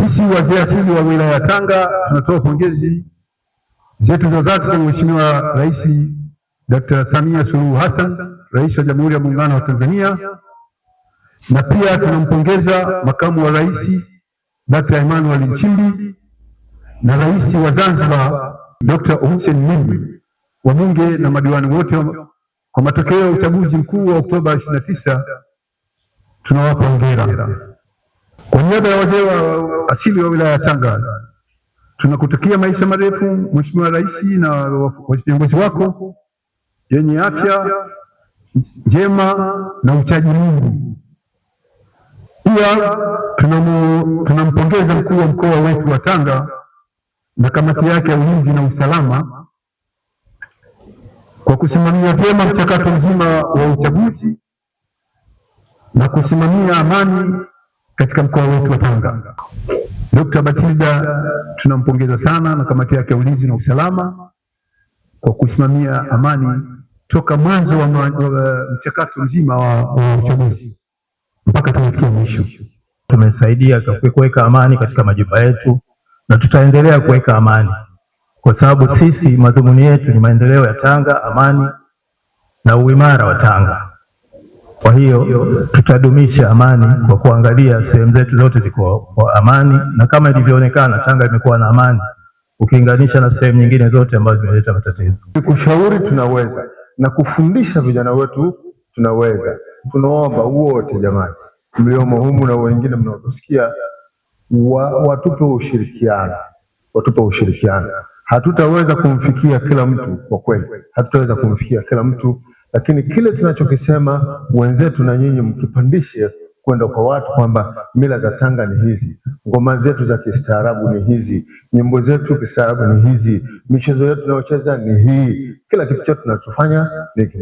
Sisi wazee asili wa wilaya ya Tanga tunatoa pongezi zetu za dhati kwa Mheshimiwa Rais Dr. Samia Suluhu Hassan, Rais wa Jamhuri ya Muungano wa Tanzania, na pia tunampongeza Makamu wa Rais Dr. Emmanuel Nchimbi na Rais wa Zanzibar Dr. Hussein Mwinyi, wabunge na madiwani wote kwa matokeo ya uchaguzi mkuu wa Oktoba 29 tunawapa hongera niaba ya wazee wa asili wa wilaya ya Tanga. Tunakutakia maisha marefu Mheshimiwa Rais na viongozi wako yenye afya njema na uchaji Mungu. Pia tunampongeza mkuu wa mkoa wetu wa Tanga na kamati yake ya ulinzi na usalama kwa kusimamia vyema mchakato mzima wa uchaguzi na kusimamia amani katika mkoa wetu wa Tanga. Dkt. Batilda tunampongeza sana na kamati yake ya ulinzi na usalama kwa kusimamia amani toka mwanzo wa mchakato mzima wa uchaguzi mpaka tumefikia mwisho. Tumesaidia kuweka amani katika majumba yetu na tutaendelea kuweka amani, kwa sababu sisi madhumuni yetu ni maendeleo ya Tanga, amani na uimara wa Tanga. Kwa hiyo tutadumisha amani kwa kuangalia sehemu zetu zote ziko kwa amani, na kama ilivyoonekana Tanga imekuwa na amani ukilinganisha na sehemu nyingine zote ambazo zimeleta matatizo. Kushauri tunaweza na kufundisha vijana wetu tunaweza. Tunaomba wote jamani, mliomo humu na wengine mnaotusikia, wa, watupe ushirikiano, watupe ushirikiano. Hatutaweza kumfikia kila mtu kwa kweli, hatutaweza kumfikia kila mtu. Lakini kile tunachokisema wenzetu na nyinyi mkipandishe kwenda kwa watu kwamba mila za Tanga ni hizi, ngoma zetu za kistaarabu ni hizi, nyimbo zetu kistaarabu ni hizi, michezo yetu tunayocheza ni hii, kila kitu chetu tunachofanya ni